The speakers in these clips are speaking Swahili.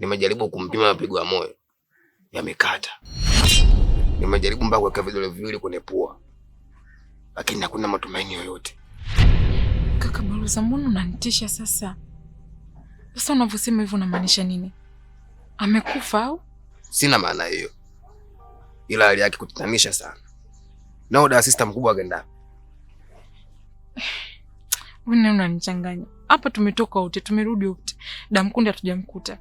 Nimejaribu kumpima mapigo ya moyo, yamekata. Nimejaribu mpaka kuweka vidole viwili kwenye pua, lakini hakuna matumaini yoyote. Kaka Baruza, mbona unanitisha sasa? Sasa unavyosema hivyo unamaanisha nini? Amekufa au? Sina maana hiyo, ila hali yake kutatanisha sana. Na oda asista mkubwa agenda wewe, unanichanganya hapa. Tumetoka ute, tumerudi ute, Damkunde hatujamkuta.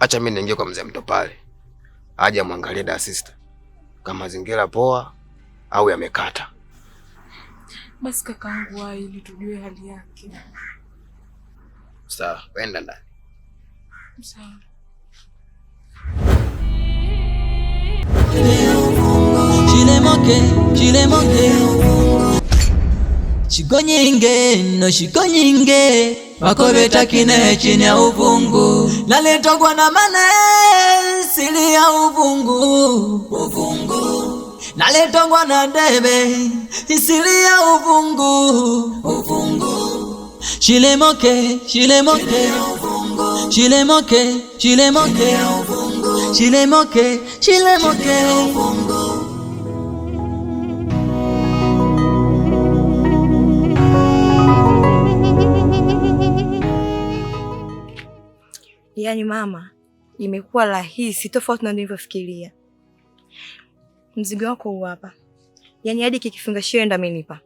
Acha mimi niingie kwa mzee mto pale, aje amwangalie da sister kama mazingira poa au yamekata. Basi kakaangu ili tujue hali yake. Sawa, wenda ndani. Sawa. Chilemoke, chilemoke chigonyinge no shigonyinge wakobeta kine chini ya uvungu naletogwa na mane sili ya uvungu, uvungu naletogwa na debe sili ya uvungu, uvungu shilemoke shilemoke shilemoke shilemoke shilemoke shilemoke yaani mama, imekuwa rahisi tofauti na nilivyofikiria. Mzigo wako huu hapa, yaani hadi kikifungashio enda amenipa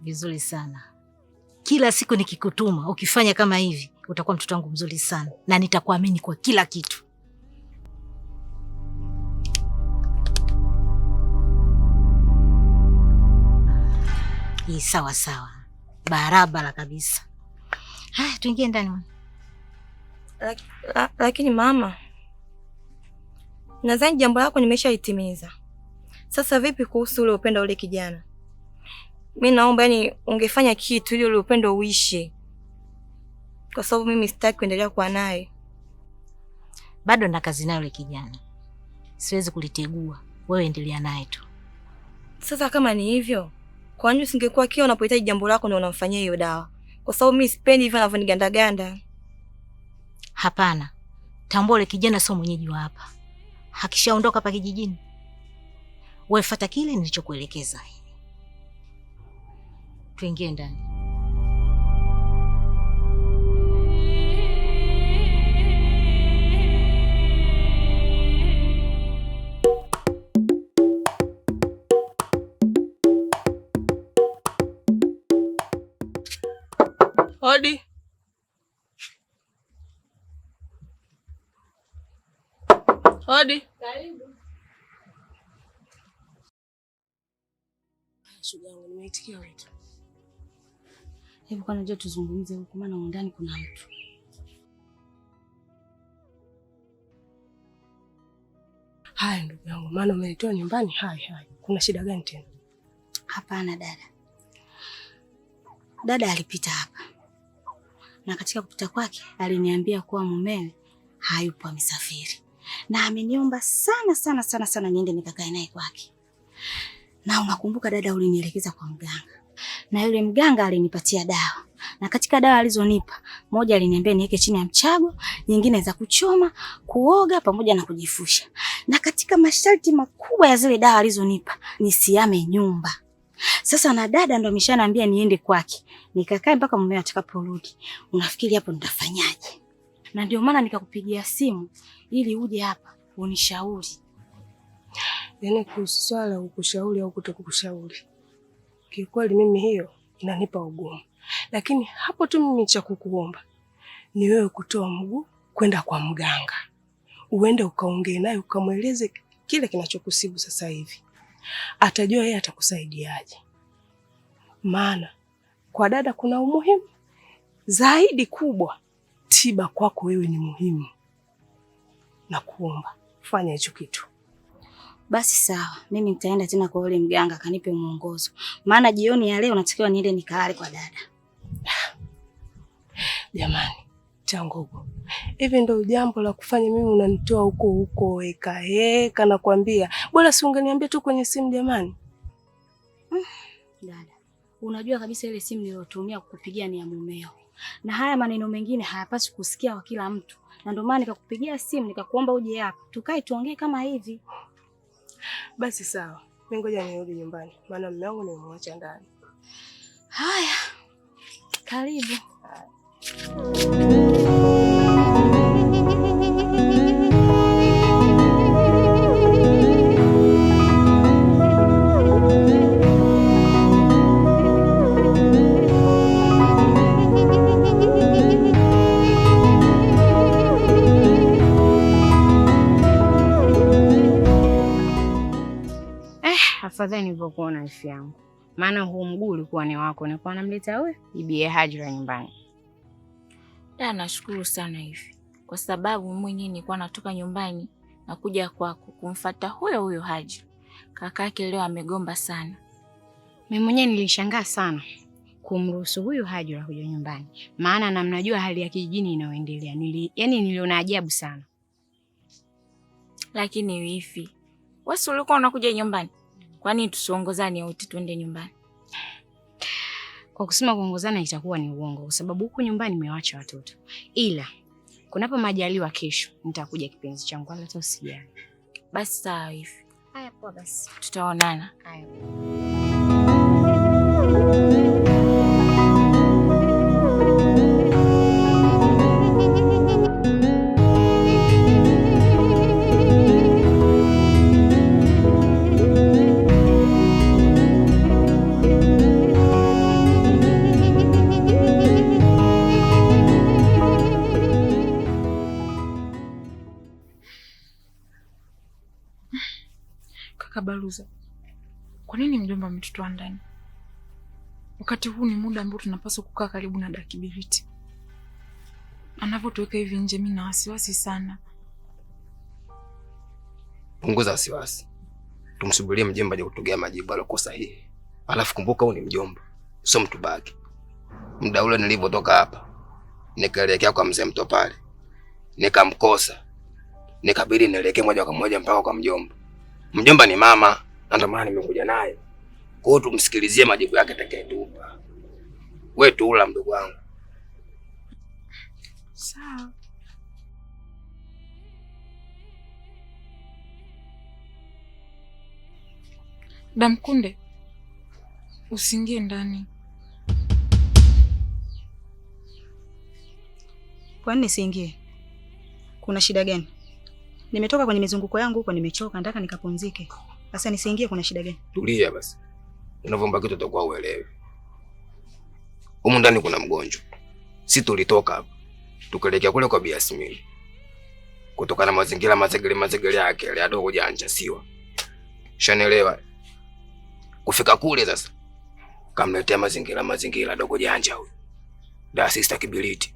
vizuri sana. Kila siku nikikutuma ukifanya kama hivi, utakuwa mtoto wangu mzuri sana, na nitakuamini kwa kila kitu. Hii sawa sawa, barabara kabisa. Haya, tuingie ndani mwana. la, lakini mama, nadhani jambo lako nimeshaitimiza. Sasa vipi kuhusu ule upendo ule kijana? Mi naomba yani ungefanya kitu ili ule upendo uishi, kwa sababu mimi sitaki kuendelea kuwa naye. Bado na kazi naye ule kijana, siwezi kulitegua. Wewe endelea naye tu. Sasa kama ni hivyo, kwa nini usingekuwa kila unapohitaji jambo lako ndio unamfanyia hiyo dawa? kwa sababu mimi sipendi hivyo ganda. Hapana, tambole kijana sio mwenyeji wa hapa, hakishaondoka hapa kijijini. Wewe fuata kile nilichokuelekeza. Tuingie ndani. kodi. Hodi. Karibu. Shuga yangu Hebu kwa najua tuzungumze huko maana ndani kuna mtu. Haya ndugu yangu, maana umenitoa nyumbani. Haya hai Kuna shida gani tena? Hapana dada. Dada alipita hapa na katika kupita kwake aliniambia kuwa mumewe hayupo, amesafiri, na ameniomba sana sana sana sana niende nikakae naye kwake. Na unakumbuka dada, ulinielekeza kwa mganga, na yule mganga alinipatia dawa, na katika dawa alizonipa, moja aliniambia niweke chini ya mchago, nyingine za kuchoma, kuoga pamoja na kujifusha. Na katika masharti makubwa ya zile dawa alizonipa, nisiame nyumba sasa na dada ndo ameshaniambia niende kwake nikakae mpaka mume atakaporudi. Unafikiri hapo nitafanyaje? Na ndio maana nikakupigia simu ili uje hapa unishauri. Yaani kuhusu swala ukushauri au kutokushauri, kiukweli mimi hiyo inanipa ugumu, lakini hapo tu mimi cha kukuomba ni wewe kutoa mguu kwenda kwa mganga, uende ukaongee naye ukamweleze kile kinachokusibu sasa hivi atajua yeye atakusaidiaje. Maana kwa dada kuna umuhimu zaidi kubwa, tiba kwako wewe ni muhimu, na kuomba fanya hicho kitu. Basi sawa, mimi nitaenda tena kwa yule mganga akanipe mwongozo, maana jioni ya leo natakiwa niende nikaale kwa dada. Jamani, huko. hivi ndo jambo la kufanya mimi unanitoa huko huko heka na nakwambia. Bora si ungeniambia tu kwenye simu jamani. Mm, dada, unajua kabisa ile simu niliyotumia kukupigia ni ya mumeo, na haya maneno mengine hayapasi kusikia kwa kila mtu, na ndio maana nikakupigia simu nikakuomba uje hapa tukae tuongee kama hivi. Basi sawa, mimi ngoja nirudi nyumbani, maana mume wangu nimemwacha ndani. Haya, karibu. Haya. afadhali nilivyokuwa na ifi yangu, maana huu mguu ulikuwa ni wako, nilikuwa namleta wewe ibie Hajira nyumbani. Da, nashukuru sana hivi, kwa sababu mwenyewe nilikuwa natoka nyumbani na kuja kwako kumfata huyo huyo Hajra. Kakake leo amegomba sana, mimi mwenyewe nilishangaa sana kumruhusu huyu Hajra huyo nyumbani, maana namnajua hali ya kijijini inayoendelea. Nili, yani niliona ajabu sana. Lakini hivi, wewe ulikuwa unakuja nyumbani Kwani tusiongozane wote twende nyumbani? Kwa kusema kuongozana itakuwa ni uongo, kwa sababu huku nyumbani nimewacha watoto, ila kunapo majaliwa kesho nitakuja kipenzi changu, wala hata usijali. Basi sawa hivi. Haya poa, basi tutaonana. Haya. Kwa nini mjomba ametutoa ndani wakati huu? Ni muda ambao tunapaswa kukaa karibu na Dakibiriti. Anavyotuweka hivi nje, mimi na wasiwasi sana. Punguza wasiwasi, tumsubirie mjomba aje kutugea majibu aliyokuwa sahihi. Alafu kumbuka, huu ni mjomba, sio mtu baki. Muda ule nilivyotoka hapa nikaelekea kwa mzee mto pale, nikamkosa, nikabidi nielekee moja kwa moja mpaka kwa mjomba. Mjomba ni mama na ndio maana nimekuja naye. Kwa hiyo tumsikilizie majibu yake atakayetupa. Wewe tuula mdogo wangu. Sawa. Damkunde, usingie ndani. kwa nini siingie? Kuna shida gani? Nimetoka kwenye mizunguko yangu huko, nimechoka, nataka nikapumzike. Sasa nisiingie, kuna shida gani? Tulia basi, unavyoomba kitu utakuwa uelewe. Humu ndani kuna mgonjwa, si tulitoka hapa tukaelekea kule kwa Biasmin kutokana na mazingira mazegele mazegele yake ile adogo janja siwa shanelewa kufika kule. Sasa kamletea mazingira mazingira adogo janja huyu da sister Kibiliti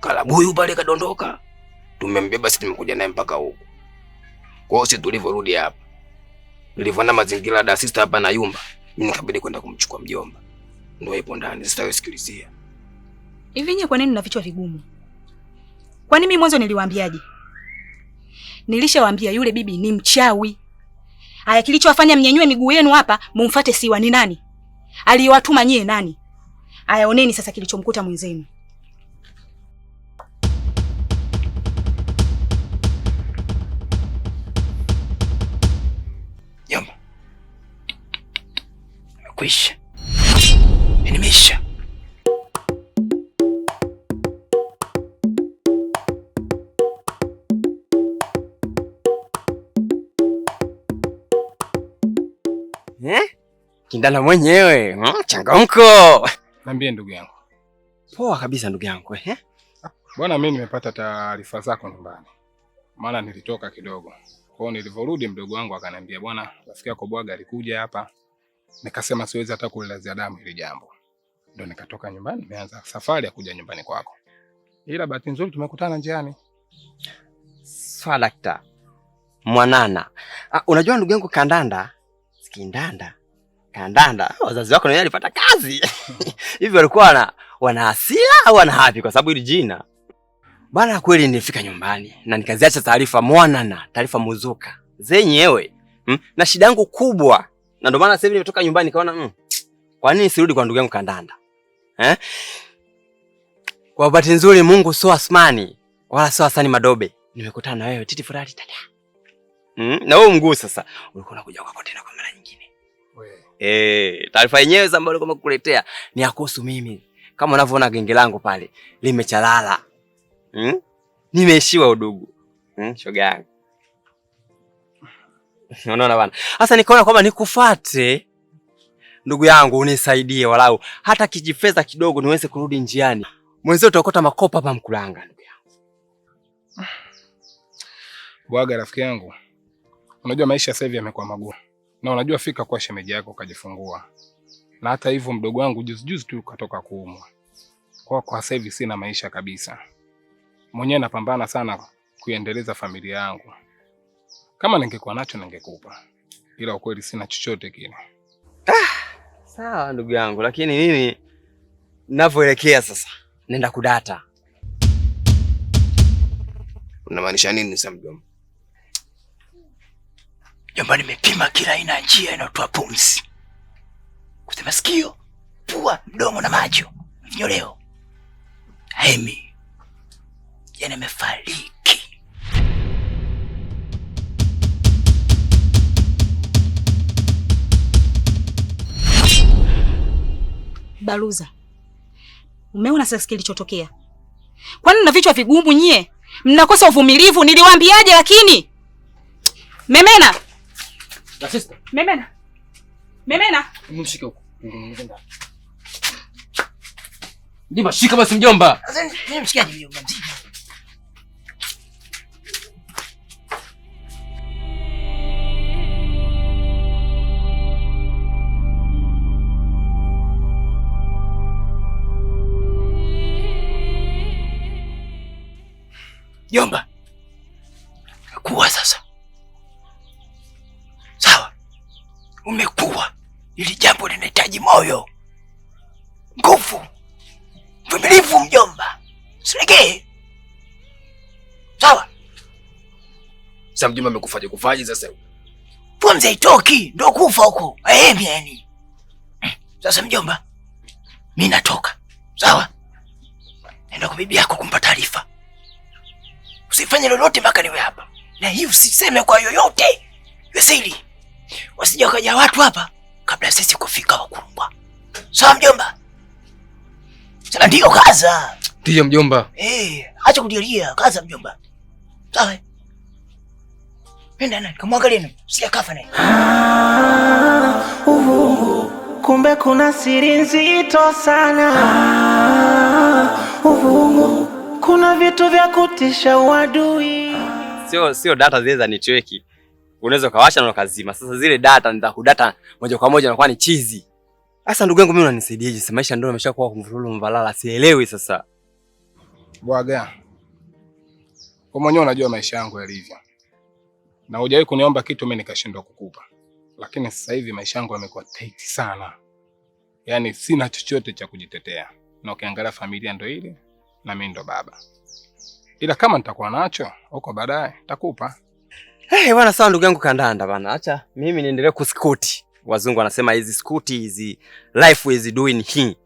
kalabuyu pale kadondoka, tumembeba sisi, tumekuja naye mpaka huko. Kwa hiyo sisi tulivyorudi hapa Nilivyoona mazingira da dasista hapa na yumba, mimi nikabidi kwenda kumchukua mjomba, ndio ipo ndani. Sitayosikilizia hivi. Nyie kwa nini mna vichwa vigumu? Kwani mimi mwanzo niliwaambiaje? Nilishawaambia yule bibi ni mchawi. Aya, kilichowafanya mnyanyue miguu yenu hapa mumfate siwa ni nani? aliyowatuma nyie nani? Aya, oneni sasa kilichomkuta mwenzenu. kuisha. Nimeisha. Eh? Kindala mwenyewe hmm, changamko. Niambie ndugu yangu. Poa kabisa ndugu yangu eh? Bwana, mimi nimepata taarifa zako nyumbani, maana nilitoka kidogo kwao. Nilivyorudi mdogo wangu akaniambia, bwana, rafiki yako Bwaga alikuja hapa Nikasema siwezi hata kuelezea damu hili jambo, ndo nikatoka nyumbani, nimeanza safari ya kuja nyumbani kwako, ila bahati nzuri tumekutana njiani. Swalakta mwanana, ah, unajua ndugu yangu Kandanda, Sikindanda Kandanda, oh, wazazi wako nawe alipata kazi hivi walikuwa wana wana hasira au wana hapi kwa sababu hili jina bana. Kweli nilifika nyumbani na nikaziacha taarifa mwanana, taarifa muzuka zenyewe hmm? na shida yangu kubwa na ndio maana sasa hivi nimetoka nyumbani nikaona mm, kwa nini sirudi kwa ndugu yangu Kandanda eh? Kwa bahati nzuri Mungu sio Asmani wala sio Hasani Madobe, nimekutana na wewe Titi furahi dada mm, na wewe mguu sasa ulikuwa unakuja kwa kote na kwa mara nyingine wewe eh, taarifa yenyewe za ambayo kama kukuletea ni akuhusu mimi, kama unavyoona genge langu pale limechalala mm? Nimeishiwa udugu mm, shoga yangu Unaona bana, sasa nikaona kwamba nikufate ndugu yangu, unisaidie walau hata kijifedha kidogo, niweze kurudi njiani. Mwenzio tutakota makopa hapa Mkulanga, ndugu yangu. Bwaga rafiki yangu, unajua maisha sasa hivi yamekuwa magumu, na unajua fika kwa shemeji yako ukajifungua, na hata hivyo mdogo wangu juzi juzi tu katoka kuumwa. Kwa kwa sasa hivi sina maisha kabisa, mwenyewe napambana sana kuendeleza familia yangu kama ningekuwa nacho ningekupa, ila ukweli sina chochote kile. Ah, sawa ndugu yangu, lakini mimi ninavyoelekea sasa, nenda kudata. Unamaanisha nini sasa mjomba? Jomba, nimepima kila aina ya njia inayotoa pumzi, kusema sikio, pua, mdomo na macho, vinyoleo, hemi, yani amefariki Baruza, umeona sasa kilichotokea? Kwani na vichwa vigumu nyie, mnakosa uvumilivu. Niliwaambiaje? Lakini memena memena memena, mshike huko, ndio shika basi mjomba. mshikaji mjomba Jomba, umekuwa sasa. Sawa, umekuwa. Ili jambo linahitaji moyo, nguvu, mvumilivu, mjomba. Usilegee, sawa? Sasa mjomba amekufaje kufaje sasa? Pumzi haitoki, ndo kufa huko. Aemi yani. Sasa mjomba, mi natoka, sawa? enda kwa bibi yako kumpa taarifa Usifanye lolote mpaka niwe hapa, na hii usiseme kwa yoyote Wesili, wasija kaja watu hapa kabla sisi kufika wakubwa. Sawa mjomba? Sasa ndio kaza. Ndio mjomba. Eh, acha kudilia, kaza mjomba. Sawa. Nenda nani, kamwangalie nani, usija kafa naye. Ah, uhu, kumbe kuna siri nzito sana. Ah, uhu kuna vitu vya kutisha uadui. Sio, sio data zile za nitweki, unaweza ukawasha na ukazima. Sasa zile data ni za kudata moja kwa moja, nakuwa ni chizi. Sasa ndugu yangu, mimi unanisaidiaje? Sasa maisha ndio ameshakuwa kumvururu mvalala, sielewi sasa. Bwaga, kwa mwenyewe unajua maisha yangu yalivyo, na hujawahi kuniomba kitu mimi nikashindwa kukupa, lakini sasa hivi maisha yangu yamekuwa tight sana, yaani sina chochote cha kujitetea, na ukiangalia familia ndio ile na mimi ndo baba, ila kama nitakuwa nacho huko baadaye nitakupa. Hey, bwana sawa, ndugu yangu kandanda bwana, acha mimi niendelee kuskuti. Wazungu wanasema hizi skuti hizi life is doing here.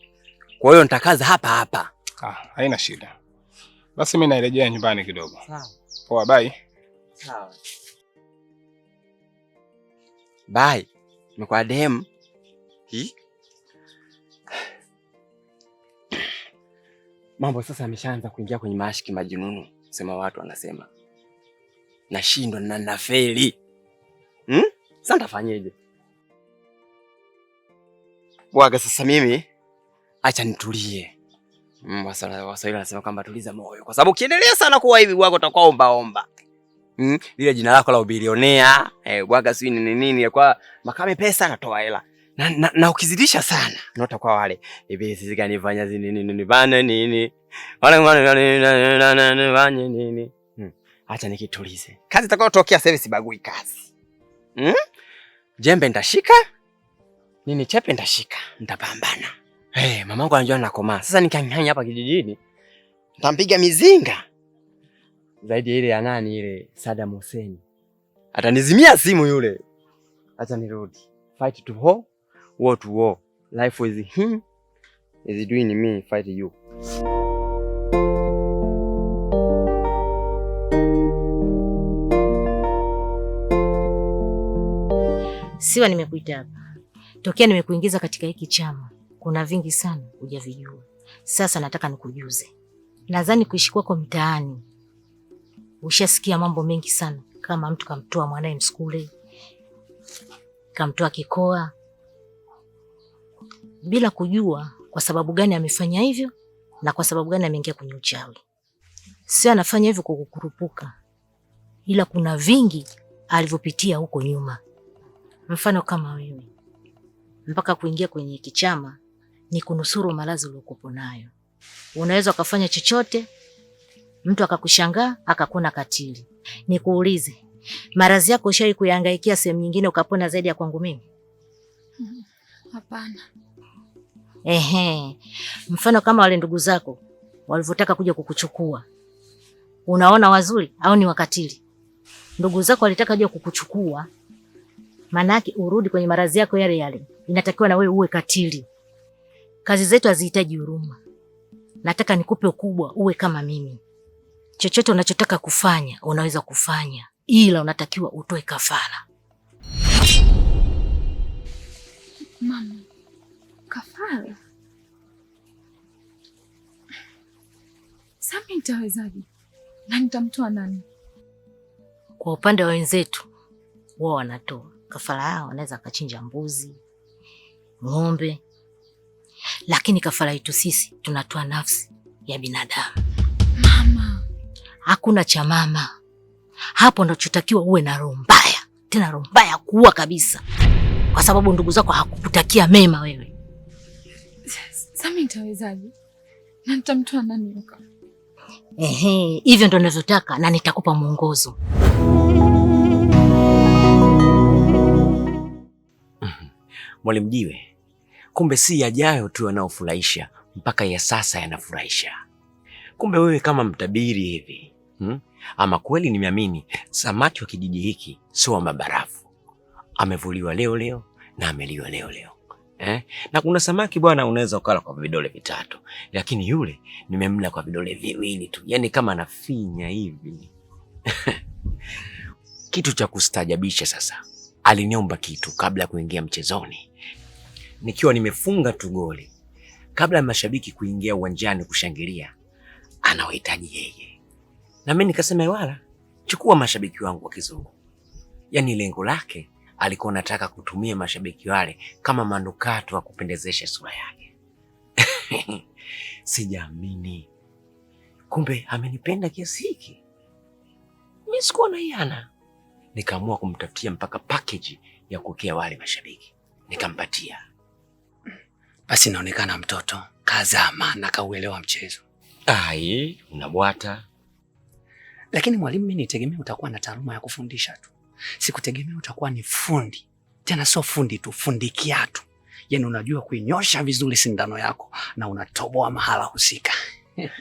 kwa hiyo nitakaza hapa hapa. Ah, haina shida. Basi mimi naelejea nyumbani kidogo. Sawa. Poa, bye. Sawa. Bye. Nimekuwa dem. Hii Mambo sasa yameshaanza kuingia kwenye mashiki majununu, sema watu wanasema nashindwa na nafeli hmm? Sasa nitafanyeje bwaga? Sasa mimi acha nitulie. Mm, Waswahili wanasema kwamba tuliza moyo, kwa sababu ukiendelea sana kuwa hivi bwaga utakuwa omba omba hmm? lile hmm? jina lako la ubilionea eh, bwaga sijui nini nini, kwa makame pesa natoa hela na, na, na ukizidisha sana nota kwa wale hivi, sisi gani fanya nini nini bana nini wale wale fanya nini. Hmm, acha nikitulize kazi itakayotokea sasa hivi, sibagui kazi hmm? Jembe ndashika nini, chepe ndashika, nitapambana. Hey, mamangu anajua nakomaa sasa, nikanyanya hapa kijijini ntampiga mizinga zaidi ya ile ya nani ile Saddam Hussein, atanizimia simu yule. Acha nirudi fight to home war to war. Life with him is doing me fight you. Siwa, nimekuita hapa tokea nimekuingiza katika hiki chama, kuna vingi sana hujavijua. Sasa nataka nikujuze, nadhani kuishi kwako mtaani ushasikia mambo mengi sana, kama mtu kamtoa mwanaye mskule, kamtoa kikoa bila kujua kwa sababu gani amefanya hivyo na kwa sababu gani ameingia kwenye uchawi. Sio anafanya hivyo kwa kukurupuka, ila kuna vingi alivyopitia huko nyuma. Mfano kama wewe, mpaka kuingia kwenye kichama ni kunusuru malazi uliokuwa nayo. Unaweza ukafanya chochote, mtu akakushangaa akakuona katili. Nikuulize, maradhi yako ushawahi kuyahangaikia sehemu nyingine ukapona zaidi ya kwangu mimi? Mm-hmm. Hapana. mm -hmm. Ehe. Mfano kama wale ndugu zako walivyotaka kuja kukuchukua, unaona wazuri au ni wakatili? Ndugu zako walitaka kuja kukuchukua, maanake urudi kwenye marazi yako yale yale. Inatakiwa na wewe uwe katili. Kazi zetu hazihitaji huruma. Nataka nikupe ukubwa, uwe kama mimi. Chochote unachotaka kufanya unaweza kufanya, ila unatakiwa utoe kafara Mama kafara. Sami nitawezaje? Na nitamtoa nani? Kwa upande wa wenzetu wao wanatoa kafara yao, wanaweza akachinja mbuzi, ng'ombe, lakini kafara yetu sisi tunatoa nafsi ya binadamu. Mama, hakuna cha mama hapo, ndachotakiwa uwe na roho mbaya, tena roho mbaya kuua kabisa, kwa sababu ndugu zako hakukutakia mema wewe. Sami nitawezaje? Na nitamtoa nani huko? Ehe, hivyo ndo ninavyotaka na nitakupa mwongozo. Mwalimu Jiwe, kumbe si yajayo tu yanayofurahisha, mpaka ya sasa yanafurahisha. Kumbe wewe kama mtabiri hivi hmm? Ama kweli nimeamini samaki wa kijiji hiki sio wa mabarafu, amevuliwa leo leo na ameliwa leo leo. Eh? Na kuna samaki bwana, unaweza ukala kwa vidole vitatu, lakini yule nimemla kwa vidole viwili tu, yaani kama nafinya hivi kitu cha kustajabisha. Sasa aliniomba kitu kabla ya kuingia mchezoni, nikiwa nimefunga tu goli, kabla ya mashabiki kuingia uwanjani kushangilia, anawahitaji yeye, na mimi nikasema wala chukua mashabiki wangu wa kizungu, yaani lengo lake alikuwa anataka kutumia mashabiki wale kama manukato ya kupendezesha sura yake. Sijaamini, kumbe amenipenda kiasi hiki. Mimi sikuwa na nikaamua kumtafutia mpaka package ya kukea wale mashabiki nikampatia. Basi inaonekana mtoto kazama na kauelewa mchezo. Ai, unabwata. Lakini mwalimu, mimi nitegemea utakuwa na taaluma ya kufundisha tu. Sikutegemea utakuwa ni fundi, tena sio fundi tu, fundi kiatu. Yani unajua kuinyosha vizuri sindano yako na unatoboa mahala husika.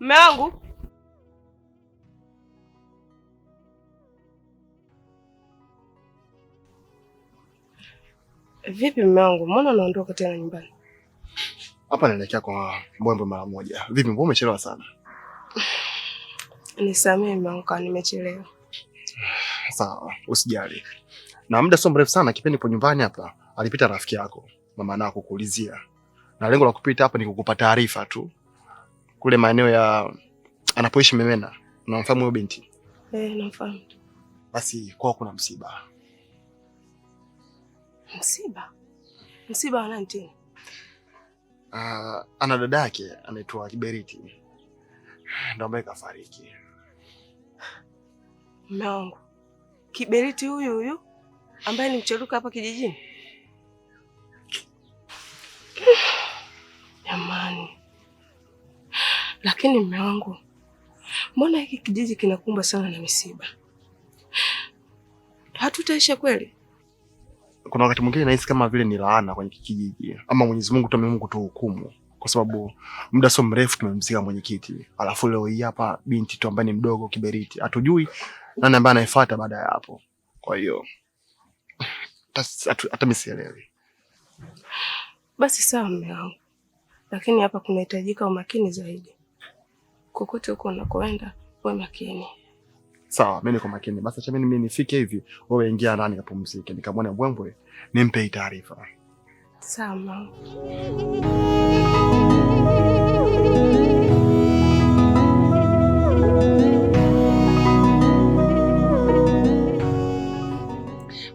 Mme wangu vipi? Mme wangu, mbona unaondoka tena nyumbani? Hapa naelekea kwa Mbwembwe mara moja. Vipi, mbona umechelewa sana? Nisamehe mwanangu, nimechelewa. Sawa, usijali. Na muda sio mrefu sana, kipindi nipo nyumbani hapa, alipita rafiki yako mama na kukuulizia, na lengo la kupita hapa ni kukupa taarifa tu, kule maeneo ya anapoishi Memena. Unamfahamu huyo binti? Eh, namfahamu. Basi kwa kuna msiba. Msiba? Msiba wa nani Uh, ana dada yake anaitwa Kiberiti, ndio ambaye kafariki. Mume wangu kiberiti huyu huyu ambaye ni mcheruka hapa kijijini. Jamani, lakini mume wangu, mbona hiki kijiji kinakumbwa sana na misiba? Hatutaisha kweli? Kuna wakati mwingine nahisi kama vile ni laana kwenye kijiji, ama Mwenyezi Mungu tu tu hukumu, kwa sababu muda sio mrefu tumemzika mwenyekiti, alafu leo hii hapa binti tu ambaye ni mdogo kiberiti, hatujui nani ambaye anayefuata baada ya hapo. Kwa hiyo hata mimi sielewi. Basi sawa, mume wangu, lakini hapa kunahitajika umakini zaidi. Kokote huko unakoenda uwe makini. Sawa, mimi niko makini. Basi acha mimi nifike hivi, wewe ingia ndani kapumzike, nikamwone Mbwembwe nimpe taarifa. Sawa.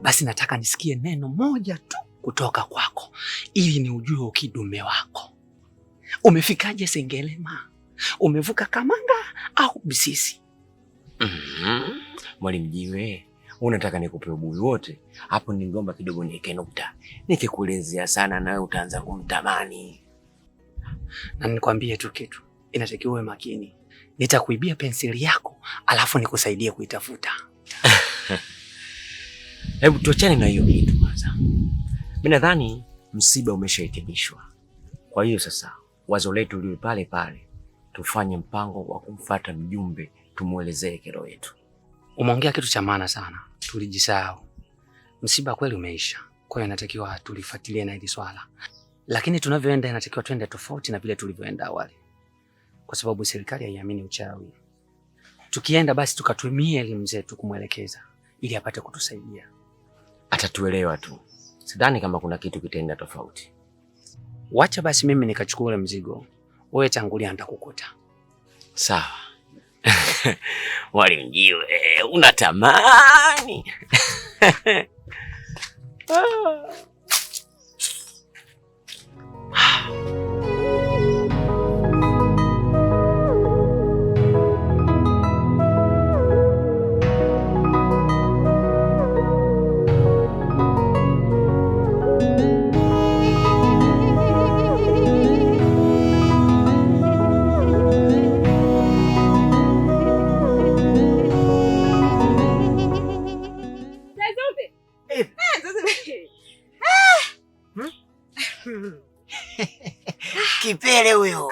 basi nataka nisikie neno moja tu kutoka kwako ili ni ujue ukidume wako umefikaje Sengelema, umevuka Kamanga au Bisisi? mm -hmm. Mwalimu Jiwe, unataka nikupe ubuyu wote hapo? Ningomba kidogo niweke nukta, nikikulezea sana nawe utaanza kumtamani. Na nikwambie tu kitu, inatakiwa uwe makini. Nitakuibia penseli yako alafu nikusaidie kuitafuta. Hebu tuachane na hiyo kitu kwanza. Mimi nadhani msiba umeshahitimishwa, kwa hiyo sasa wazo letu liwe pale pale, tufanye mpango wa kumfuata mjumbe, tumwelezee kero yetu. Umeongea kitu cha maana sana, tulijisahau. Msiba kweli umeisha, kwa hiyo inatakiwa tulifuatilie na hili swala, lakini tunavyoenda inatakiwa tuende tofauti na vile tulivyoenda awali, kwa sababu serikali haiamini uchawi. Tukienda basi tukatumie elimu zetu kumwelekeza ili apate kutusaidia atatuelewa tu. Sidhani kama kuna kitu kitaenda tofauti. Wacha basi mimi nikachukua ule mzigo, wewe tangulia, nitakukuta sawa. walimjiwe unatamani ah.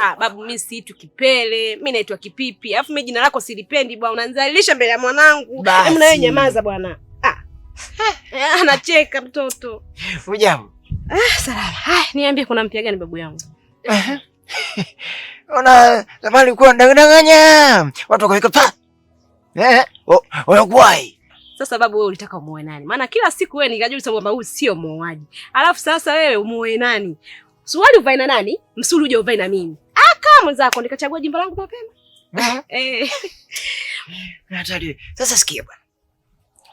ah, babu mimi siitu Kipele, mimi naitwa Kipipi. Alafu mimi jina lako silipendi bwana, unanizalilisha mbele ya mwanangu. Hebu na wewe nyamaza bwana. Ah. Anacheka mtoto. Hujambo? Ah, salama. Ah, niambie kuna mpya gani babu yangu? Eh. Ona zamani ulikuwa unadanganya. Watu wakaweka pa. Eh, unakuwai. Sasa babu, wewe ulitaka umuoe nani? Maana kila siku wewe nikajua sababu, huyu sio muoaji. Alafu sasa wewe umuoe nani? Suruali uvae na nani? Msuli uje uvae na mimi. Ah, kama mwenzako nikachagua jimbo langu mapema. Eh. Natali, sasa sikia bwana.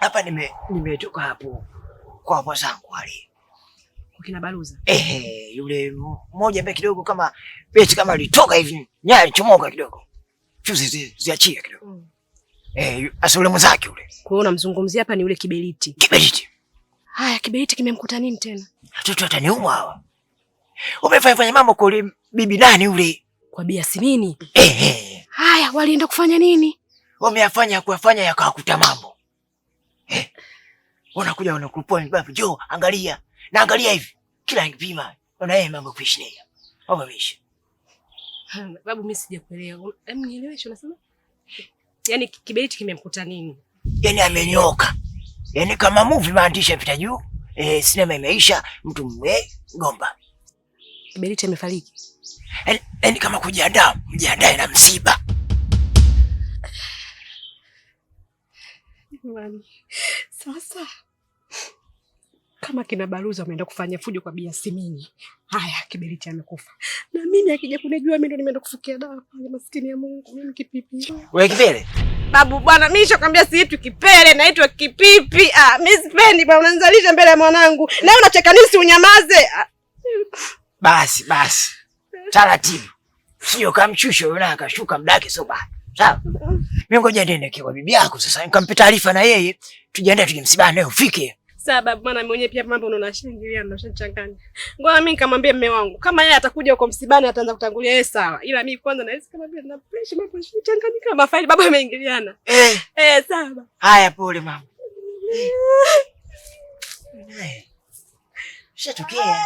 Hapa nime nimetoka hapo kwa baba zangu wale. Ukina Baluza. Eh, yule mmoja ambaye kidogo kama beti kama alitoka hivi, nyaya lichomoka kidogo. Chuzi ziachia kidogo. Mm. Eh, asule mwenzake yule. Kwa hiyo unamzungumzia hapa ni yule kiberiti. Kiberiti. Haya, kiberiti kimemkuta nini tena? Watoto wataniuma hawa. Umefanya fanya mambo kwa yule bibi nani ule Kwa Bi Yasmini. Ehe. Haya, walienda kufanya nini? Wameyafanya kuyafanya yakawakuta mambo. Eh. Wanakuja wanakulipua ni "Jo, angalia." Na angalia hivi. Kila ngipima. Ona yeye mambo kuishi naye. Baba mishi. Babu mimi sijakuelewa. Um, em, nieleweshe unasema? yani kibeti kimemkuta nini? Yani amenyoka. yani kama movie maandishi yapita juu. Eh, sinema imeisha, mtu mwe gomba. Berita amefariki. Yaani, yaani kama kujiandaa, mjiandae na msiba. sasa kama kina Baruza wameenda kufanya fujo kwa Biasimini, haya Kiberiti amekufa, na mimi akija kunijua mimi ndo nimeenda kufukia dawa kwa Maskini ya Mungu, mimi kipipi. Wewe kipele babu bwana, mimi nishakwambia siitwi kipele, naitwa kipipi. Ah, mimi sipendi bwana, unanizalisha mbele ya mwanangu, na unacheka nisi unyamaze. Ah. Basi basi, taratibu, sio kamshusha na akashuka mdaki, sio baya. Sawa, mimi ngoja niende kwa bibi yako sasa, nikampe taarifa na yeye, tujiandae tuje msibani naye ufike. Sababu maana mimi mwenyewe pia mambo unaona shangilia na unachanganya. Ngoja mimi nikamwambia mume wangu kama yeye atakuja huko msibani ataanza kutangulia yeye sawa. Ila mimi kwanza nahisi kama vile na pressure mambo kama faili baba ameingiliana. Eh. Eh, sawa. Haya pole mama. Eh. eh. Shetokea.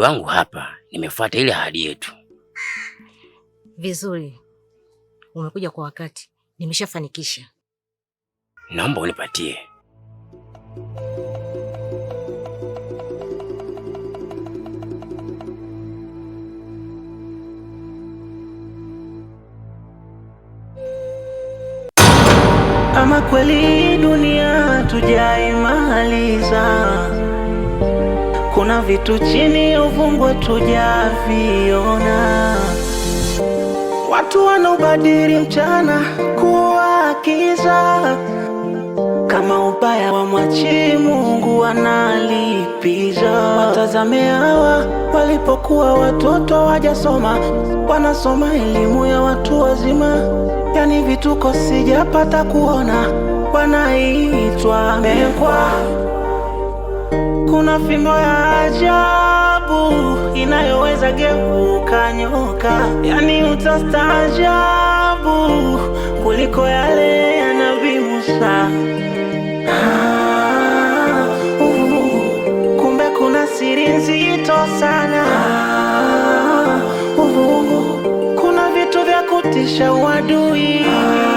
wangu hapa, nimefuata ile ahadi yetu. Vizuri, umekuja kwa wakati, nimeshafanikisha. Naomba unipatie ama kweli dunia tujaimaliza kuna vitu chini uvungu tujaviona. Watu wanaobadili mchana kuwa kiza, kama ubaya wa mwachi Mungu wanalipiza Watazame hawa walipokuwa watoto wajasoma, wanasoma elimu ya watu wazima, yani vituko sijapata kuona, wanaitwa mekwa kuna fimbo ya ajabu inayoweza geuka nyoka, yani utastaajabu kuliko yale ya Ah, uh, kumbe kuna siri nzito sana. Ah, uh, uh, uh kuna vitu vya kutisha uadui.